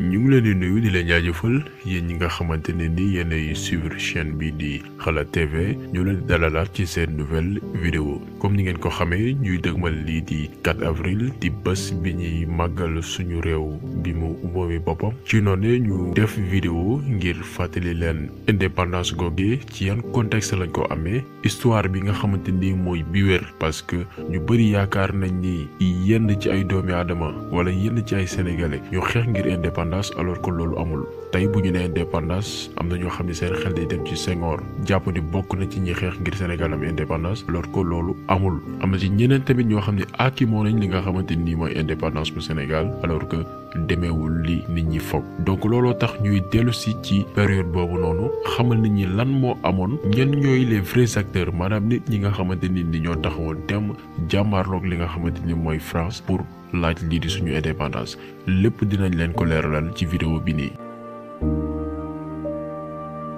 ñu ngi leen di nuyu di leen jaajëfal yéen ñi nga xamante ne ni yéenay suivre chaîne bi di xalaat tv ñu leen di dalalaat ci seen nouvelle vidéo comme ni ngeen ko xamee ñuy dëgmal lii di 4 avril di bés bi ñuy màggal suñu réew bi mu moomi boppam ci noone ñu def vidéo ngir fàttali leen indépendance googee ci yan contexte lañ ko amee histoire bi nga xamante ni mooy bi wér parce que ñu bëri yaakaar nañ ni yenn ci ay doomi aadama wala yenn ci ay sénégalais ñu xeex ngir indépendance indépendance alors que loolu amul tey bu ñu nee indépendance am na ñoo xam ne seen xel day dem ci Senghor jàpp ni bokk na ci ñi xeex ngir Sénégal am indépendance ko loolu amul am na ci ñeneen tamit ñoo xam ne aakimoo nañ li nga xamante ni mooy indépendance bu Sénégal alors que demeewul li nit ñi foog donc looloo tax ñuy dellu ci période boobu noonu xamal nit ñi lan moo amoon ñen ñooy les vrais acteurs maanaam nit ñi nga xamante nit ñi ñoo taxawoon temm jàmbaarloog li nga xamante ni mooy France pour laaj lii di suñu indépendance lépp dinañ leen ko leeralal ci vidéo bi nii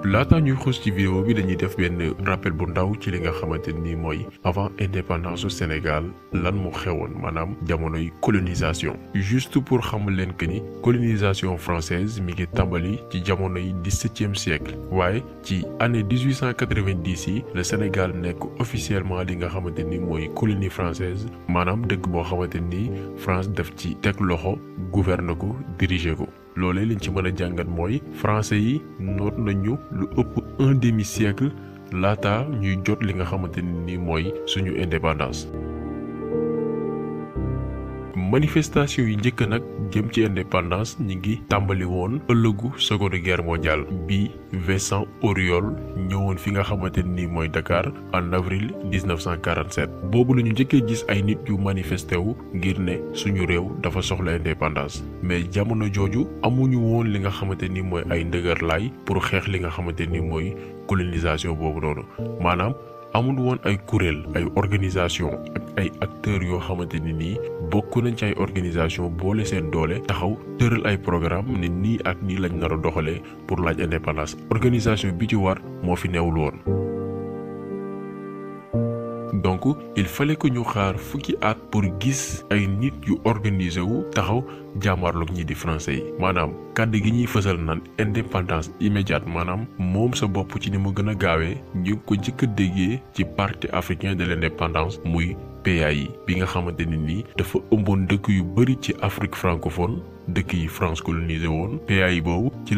laataa ñuy xuus ci vidéo bi dañuy def ben rappel bu ndaw ci li nga xamanteni moy avant indépendance du Sénégal lan mu xewoon manam jamonoy colonisation juste pour xamal leen que ni colonisation française mi ngi tambali ci jamono 17 dix-septième siècle waaye ci année 1890 le Sénégal nek officiellement li nga xamanteni Moy colonie française manam deug bo xamanteni France def ci tek loxo gouverner ko diriger ko. loolee liñ ci mën a jàngat mooy français yi noot nañu lu ëpp un demi siècle laata ñuy jot li nga xamante ne ni mooy suñu indépendance manifestation yu njëkk nag jëm ci indépendance ñi ngi tàmbali woon ëllëgu seconde guerre mondiale bi Vincent Auriol ñëwoon fi nga xamante ni mooy Dakar en avril 1947 boobu la ñu njëkkee gis ay nit yu manifesté wu ngir ne suñu réew dafa soxla indépendance mais jamono jooju amuñu woon li nga xamante ni mooy ay ndëgër laay pour xeex li nga xamante ni mooy colonisation boobu noonu maanaam amul woon ay kuréel ay organisation ak ay acteurs yoo xamante ni nii bokk nañ ci ay organisation boole seen doole taxaw tëral ay programme ne nii ak nii lañ nar a doxalee pour laaj indépendance organisation bi ci war moo fi newul woon donc il fallait que nous xaar fukki at pour gis ay nit yu organisé wu taxaw français gi indépendance immédiate manam mom sa ci ni ñu africain de l'indépendance PAI bi nga xamanteni ni dafa yu ci francophone France colonisé PAI ci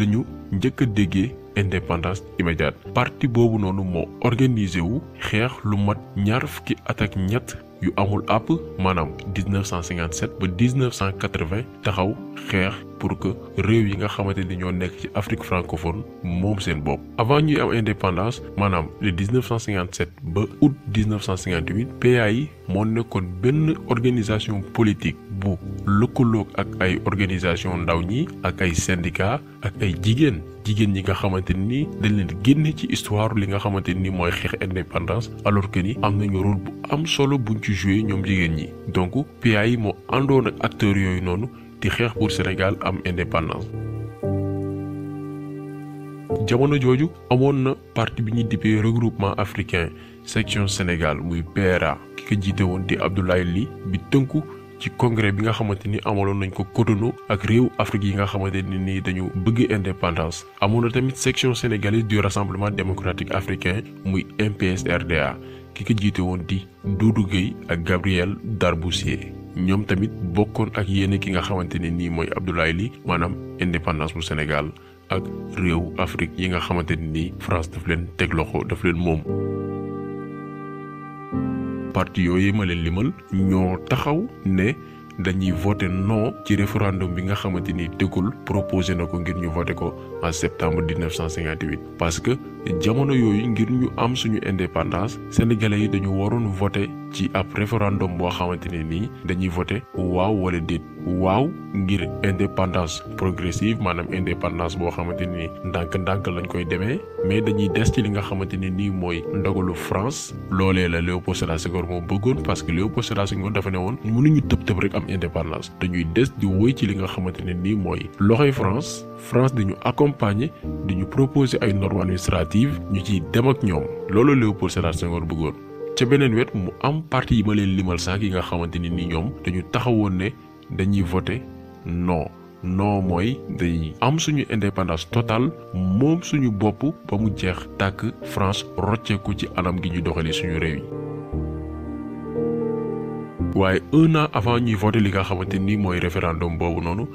indépendance immédiate partie boobu noonu moo organisé wu xeex lu mat ñaar fukki at ak ñett yu amul àpp maanaam 1957 ba 1980 taxaw xeex pour que réew yi nga xamanteni ni ñoo nekk ci Afrique francophone moom seen bopp avant ñuy am indépendance maanaam le 1957 ba août 1958 PA yi moo nekkoon benn organisation politique bu lëkkaloog ak ay organisation ndaw ñi ak ay syndicat ak ay jigéen jigéen ñi nga xamante ni dañ leen génne ci histoire li nga xamante ni mooy xeex indépendance alors que ni am nañu rôle bu am solo buñ ci joué ñoom jigéen ñi donc PA yi moo àndoon ak acteurs yooyu noonu di xeex le Sénégal am indépendance jamono jooju amoon na parti bi ñuy dippee regroupement africain section Sénégal muy PRA ki ko jiite woon Abdoulaye Li bi tënku ci congrès bi nga xamante ni amaloon nañ ko Cotonou ak réew Afrique yi nga xamante ni dañu bëgg indépendance amoon na tamit section sénégalaise du rassemblement démocratique africain muy MPSRDA ki ko jiite woon di Doudou Gueye ak Gabriel Darboussier Nyom tamit bokkoon ak yene ki nga xamante ne nii mooy abdoulaye li maanaam indépendance bu sénégal ak réew afrique yi nga xamante ne france daf leen teg loxo daf leen moom parti yooyu ma leen limal ñoo taxaw ne dañuy voté non ci référendum bi nga xamante ni dëggul proposé na ngir ñu ko en septembre 1958 parce que jamono yooyu ngir ñu am suñu indépendance sénégalais yi dañu waroon voté ci ab référendum boo xamante ne nii dañuy voté waaw wala déet waaw ngir indépendance progressive maanaam indépendance boo xamante ne nii ndànk-ndànk lañ koy demee mais dañuy des ci li nga xamante ne nii mooy ndogalu France loolee la Léopold Sédar Senghor moom bëggoon parce que Léopold Sédar Senghor dafa ne woon mënuñu tëb tëb rek am indépendance dañuy des di woy ci li nga xamante ne nii mooy loxoy France France dañu accompagner dañu proposer ay normes administratives alternative ñu ciy dem ak ñoom loolu Léopold bëggoon ca beneen wet mu am parti yi ma leen limal sànq yi nga xamante ni ni ñoom dañu taxawoon ne dañuy voté noo non mooy dañuy am suñu indépendance totale moom suñu bopp ba mu jeex tàkk France rocceeku ci anam gi ñu doxalee suñu réew yi. waaye un an avant ñuy voté li nga xamante ni référendum boobu noonu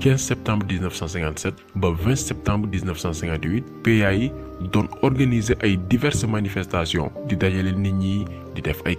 15 septembre 1957 ba 20 septembre 1958 PA yi doon organiser diverses manifestations di dajale nit ñi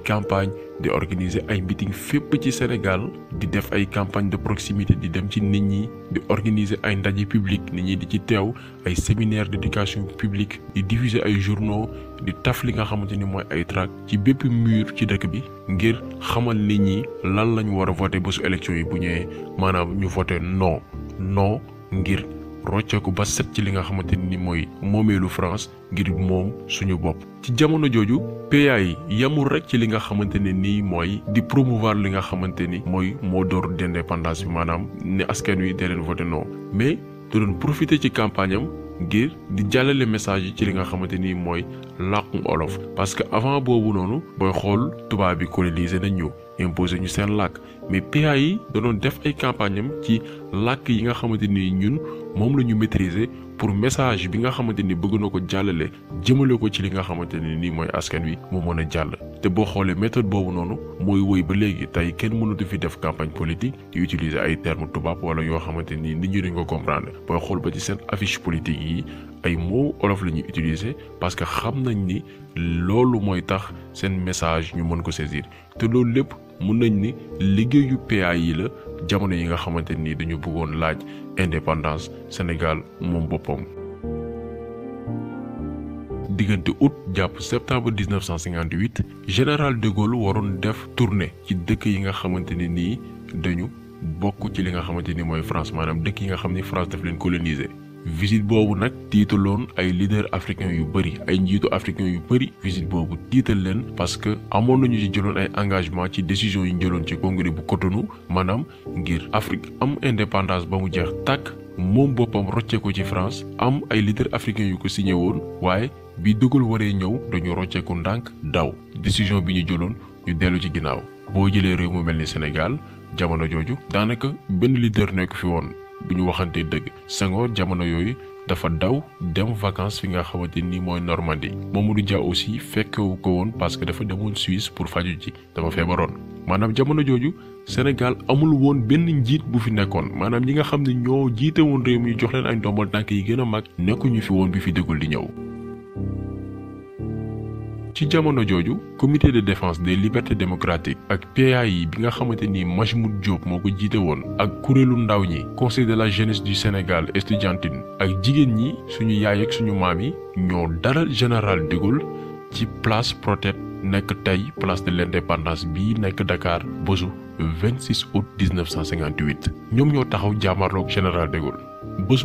campagnes di organiser ay meeting fait ci Sénégal di def ay campagne de proximité di dem ci nit ñi di organiser ay ndaje public nit ñi di ci teew ay séminaire d'éducation publique di diffuser ay journaux di taf li nga xamante ni mooy ay tract ci mur ci dëkk bi ngir xamal nit ñi lan lañ war a voter bésu élection yi bu ñëwee maanaam ñu voter non non ngir rocceeku ba set ci li nga xamante ni mooy moomeelu France ngir moom suñu bopp. ci jamono jooju PA yi yamul rek ci li nga xamante ne nii mooy di promouvoir li nga xamante ni mooy moo door d'indépendance bi maanaam ne askan wi dee leen voté mais du doon profité ci campagne am ngir di jàllale message yi ci li nga parce que avant boobu noonu booy xool tubaab bi colonisé mais def ay campagne am ci yi nga ni ñun la maîtriser pour message bi nga xamante bëgg na ko ko ci askan te boo xoolee méthode boobu noonu mooy woy ba léegi tey kenn mënatu fi def campagne politique di utiliser ay termes tubaab wala yoo xamante ni nit ñi duñ ko comprendre booy xool ba ci seen affiche politique yi ay mots olof la ñuy utiliser parce que xam nañ ni loolu mooy tax seen message ñu mën ko saisir te loolu lépp mën nañ ni liggéeyu PA yi la jamono yi nga xamante ni dañu bëggoon laaj indépendance Sénégal moom boppam diggante août jàpp septembre 1958 général de Gaulle waroon def tournée ci dëkk yi nga xamanteni ni nii dañu bokk ci li nga xamanteni moy France manam dëkk yi nga xamni France daf leen coloniser. visite bobu nak tiitaloon ay leader africain yu bari ay njiitu africain yu bari visite bobu titel len parce que amoon ñu ci jëloon ay engagement ci décision yu ñu jëloon ci congrès bu Cotonou manam ngir Afrique am indépendance ba mu jeex tak moom boppam rocceeku ci France am ay leaders africains yu ko signé ñëwoon waaye bi De waree ñëw dañu rocceeku ndànk daw décision bi ñu jëloon ñu dellu ci ginnaaw boo jëlee réew mu mel ni Sénégal jamono jooju daanaka benn leader nekku fi woon bu ñu waxantee dëgg Senghor jamono yooyu dafa daw dem vacances fi nga xamante ni mooy Normandie Mamadou Dia aussi fekkewu ko woon parce que dafa demoon Suisse pour faju ji dafa feebaroon maanaam jamono jooju Sénégal amul woon benn njiit bu fi nekkoon maanaam ñi nga xam ne ñoo jiite woon réew mi jox leen ay ndombal tànk yi gën a mag nekkuñu fi woon bi fi dëggul di ñëw. ci jamono joju comité de défense des libertés démocratiques ak PAI bi nga xamanteni ni Majmout Diop moko jité won ak conseil de la jeunesse du Sénégal estudiantine ak jigéen ñi suñu yaay ak suñu mami ñoo daral général de Gaulle ci place protège, nek tay place de l'indépendance bi nek Dakar le 26 août 1958 ñom ñoo taxaw jamarlok général de Gaulle bés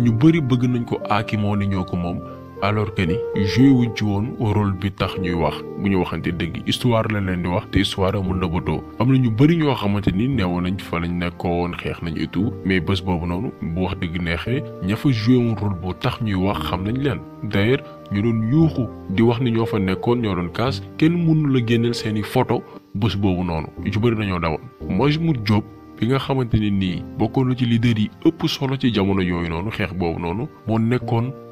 ñu bëri bëgg nañ ko akimo ni ñoko mom alors que ni joué wuñ ci woon rôle bi tax ñuy wax bu ñu waxante dégg histoire la leen di wax te histoire amul nëbbatoo am na ñu bëri ñoo xamante ni neewoon nañ fa lañ nekkoo woon xeex nañ itu mais bés boobu noonu bu wax dëgg neexee ña fa joué woon rôle bu tax ñuy wax xam nañ leen d'ailleurs ñu doon yuuxu di wax ni ñoo fa nekkoon ñoo doon kaas kenn mënu la génneel seeni photo bés boobu noonu ñu ci bëri dañoo dawoon Majmout Diop bi nga xamante ne nii bokkoon ci leader yi ëpp solo ci jamono yooyu noonu xeex boobu noonu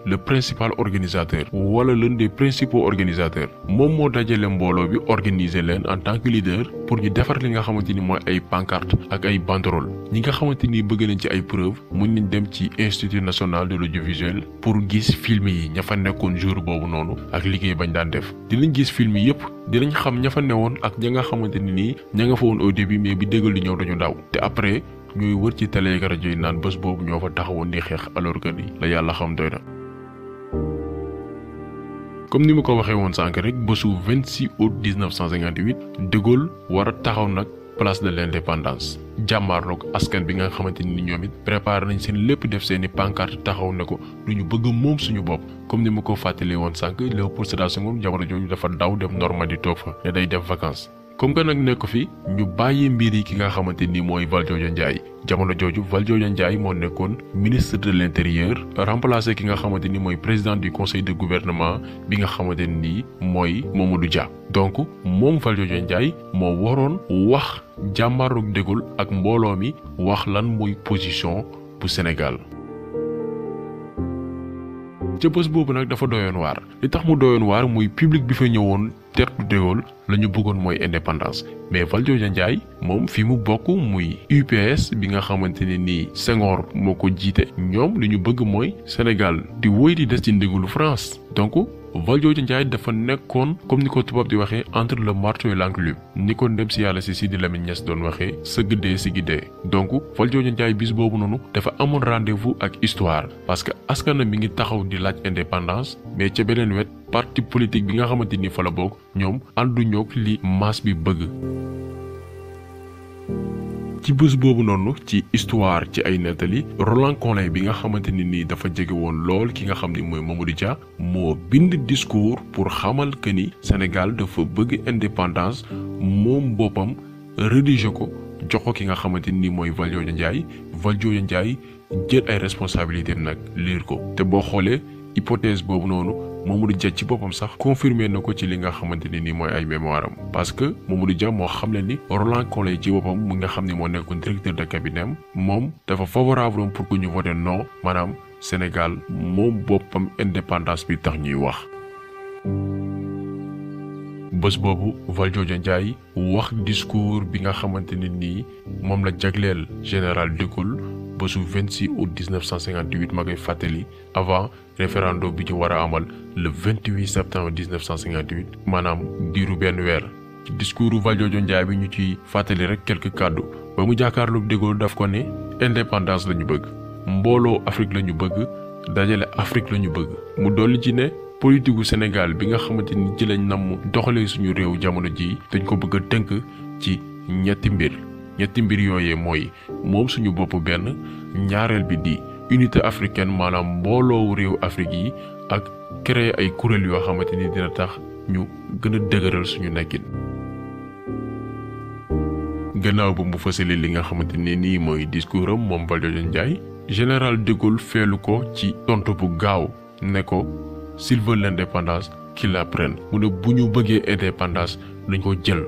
le principal organisateur wala l'un des principaux organisateurs moom moo dajale mbooloo bi organiser leen en tant que leader pour ñu defar li nga xamante ni mooy ay pancarte ak ay banderole ñi nga xamante ni bëgg nañ ci ay preuve mun nañ dem ci institut national de l'audiovisuel pour gis film yi ña fa nekkoon jour boobu noonu ak liggéey bañ daan def dinañ gis film yi yëpp dinañ xam ña fa woon ak ña nga xamante ni nii ña nga fa woon au début mais bi dëggal di ñëw dañu daw te après ñuy wër ci télé rajo yi naan bés boobu ñoo fa taxawoon di xeex alors que ni la yàlla xam doy na comme ni ma ko waxee woon sànq rek bésu 26 août 1958 de Gaulle wara taxaw nak place de l'indépendance jàmmaarloog askan bi nga xamanteni ni ñoom it préparé nañ seen lépp def seen pancarte taxaw nako duñu bëgg mom suñu bop comme ni ma ko fàttalee woon sànq Léopold Sédar Senghor jamono jooju dafa daw dem Normandie toog fa ne day def vacances. comme que nag nekk fi ñu bàyyi mbir yi ki nga xamante ni mooy Valdiodio Ndiaye jamono jooju Valdiodio Ndiaye moo nekkoon ministre de l' intérieur remplacé ki nga xamante ni mooy président du conseil de gouvernement bi nga xamante ni mooy Mamadou Dia donc moom Valdiodio Ndiaye moo waroon wax jàmmaarug dégul ak mbooloo mi wax lan mooy position bu Sénégal. ca bés boobu nag dafa doyoon waar li tax mu doyoon waar muy public bi fa ñëwoon tertu de Gaulle la ñu bëggoon mooy indépendance mais Valdiodio Ndiaye moom fi mu bokk muy UPS bi nga xamante ne nii Senghor moo ko jiite ñoom li ñu bëgg mooy Sénégal di woy di des ci ndigalu France donc Valdiodio Ndiaye dafa nekkoon comme ni ko tubaab di waxee entre le marteau et ni ko ndem si yàlla si Sidi Lamine Niass doon waxee sa gëddee si giddee donc Valdiodio Ndiaye bis boobu noonu dafa amoon rendez-vous ak histoire parce que askan mi ngi taxaw di laaj indépendance mais ca beneen wet parti politique bi nga xamante ni fa la bokk ñoom ànduñook li masse bi bëgg. ci boobu noonu ci histoire ci ay nettali Roland bi nga xamante ne nii dafa jege woon lool ki nga xam ni mooy Mamadou Dia moo bind discours pour xamal que ni Sénégal dafa bëgg indépendance moom boppam rédigé ko jox ko ki nga xamante ni mooy Valdiodio Ndiaye Valdiodio Ndiaye jël ay responsabilité nag liir ko te boo xoolee. hypothèse boobu nonu Mamadou Dia ci boppam sax confirmé na ko ci li nga xamante ni mooy ay mémoire am parce que Mamadou Dia moo xam ni Roland Collin ci boppam mu nga xam ne moo nekkoon directeur de cabinet am moom dafa favorable pour que ñu voté non maanaam Sénégal moom boppam indépendance bi tax ñuy wax bés boobu valjojo ndiaye wax discours bi nga xamante ne la jagleel général de bésu 26 août 1958 malgré Fateli avant référendum bi ci wara amal le 28 septembre 1958 manam diiru benn Wer discoursu discours Valdiodio bi ñu ci fàttali rek quelques cadeaux ba mu jàkkaarloog De daf ko ne indépendance lañu bëgg mbolo Afrique lañu bëgg dajale Afrique lañu bëgg mu doli ci ne. politique Sénégal bi nga xamanteni ni ci lañ nam doxale suñu réew jamono ji dañ ko bëgg a ci ñetti mbir ñetti mbir yooyee mooy moom suñu bopp benn ñaareel bi di unité africaine maanaam mbooloowu réew afrique yi ak créer ay kuréel yoo xamante ni dina tax ñu gën a dëgëral suñu nekkin gannaaw ba mu fësale li nga xamante General nii mooy discours am moom Ndiaye général de Gaulle feelu ko ci tontu bu gaaw ne ko s'il veut l'indépendance qu'il la prenne mu ne bu ñu bëggee indépendance ko jël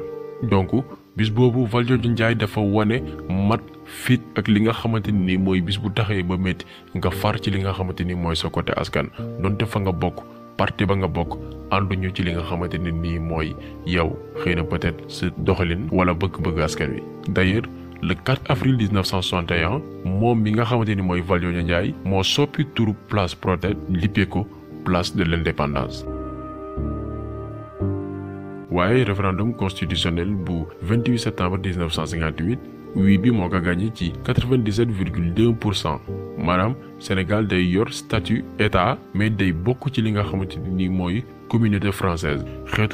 donc bis boobu Valdiodio Ndiaye dafa wane mat fit ak li nga xamante ni mooy bis bu taxee ba métti nga far ci li nga xamante ni mooy sa côté askan donte fa nga bokk parti ba nga bokk ànduñu ci li nga xamante ni nii mooy yow xëy na peut-être sa doxalin wala bëgg-bëgg askan wi d'ailleurs le 4 avril 1961 moom mi nga xamante ni mooy Valdiodio Ndiaye moo soppi turu place Protet lippee ko place de l'indépendance le référendum constitutionnel du 28 septembre 1958 oui bi gagné ci 97,2% Sénégal day yor statut état mais day beaucoup ci li nga xamante ni communauté française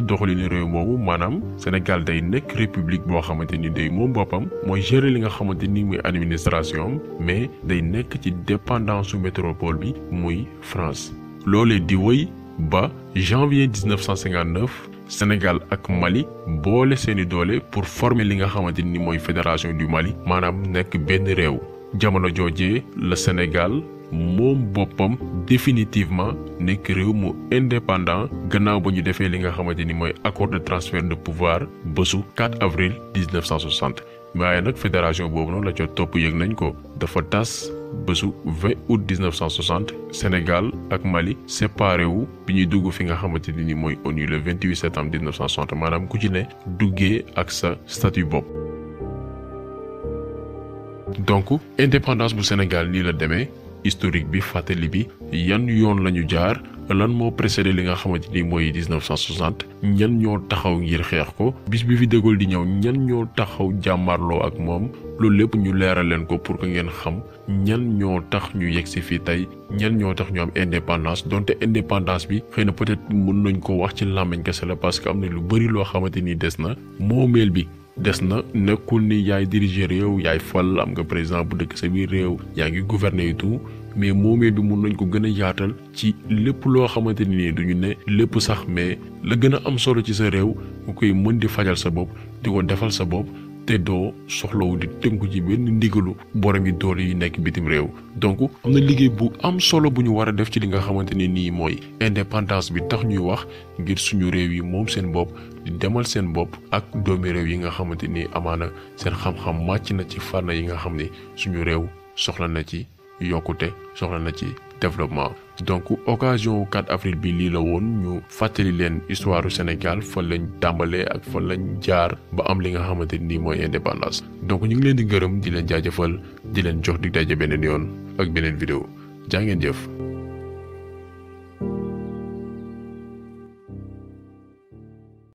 doxali ni réew moomu manam Sénégal day nekk république bo xamanteni ni day moom boppam mooy gérer li nga xamanteni muy administration mais day nekk ci dépendance métropole bi muy France. Lolé di wëy ba janvier 1959. Sénégal ak Mali boole seeni doole pour former li nga xamante ni mooy fédération du Mali maanaam nekk benn réew jamono joojee le Sénégal moom boppam définitivement nekk réew mu indépendant gannaaw ba ñu defee li nga xamante ni mooy accord de transfert de pouvoir bésu 4 avril 1960 waaye nag fédération boobu noonu la ca topp yëg nañ ko dafa tas bésu 20 août 1960 Sénégal ak Mali séparé wu bi ñuy dugg fi nga xamante ni ONU le 28 septembre 1960 Madame ku ci ne duggee ak sa statut bopp. donc indépendance bu Sénégal nii la demee historique bi fàttali bi yan yoon lañu jaar lan moo précédé li nga xamante ni 1960 ñan ñoo taxaw ngir xeex ko bis bi fi De di ñëw ñan ñoo taxaw jàmmarloo ak loolu lépp ñu leeral leen ko pour que ngeen xam ñan ñoo tax ñu yegg si fii tey ñan ñoo tax ñu am indépendance donte indépendance bi xëy na peut-être mën nañ ko wax ci làmmiñ kese la parce que am na lu bëri loo xamante nii des na moomeel bi. des na nekkul ni yaay diriger réew yaay fal am nga président bu dëkk sa biir réew yaa ngi gouverner et tout mais moomeel bi mun nañ ko gën a yaatal ci lépp loo xamante ni duñu ne lépp sax mais la gën a am solo ci sa réew nga koy mën di fajal sa bopp di ko defal sa bopp. te doo soxlawu di tënku ci benn ndigalu borom yi doole yi nekk bitim réew donc am na liggéey bu am solo bu ñu war a def ci li nga xamante ne nii mooy indépendance bi tax ñuy wax ngir suñu réew yi moom seen bopp di demal seen bopp ak doomi réew yi nga xamante ni amaana seen xam-xam màcc na ci fànn yi nga xam ni suñu réew soxla na ci yokkute soxla na ci développement. donc occasion 4 avril bi lii la woon ñu fàttali leen histoire du Sénégal fa lañ tàmbalee ak fa lañ jaar ba am li nga xamante ni mooy indépendance donc ñu ngi leen di gërëm di leen jaajëfal di leen jox di daje beneen yoon ak beneen vidéo jaa ngeen jëf.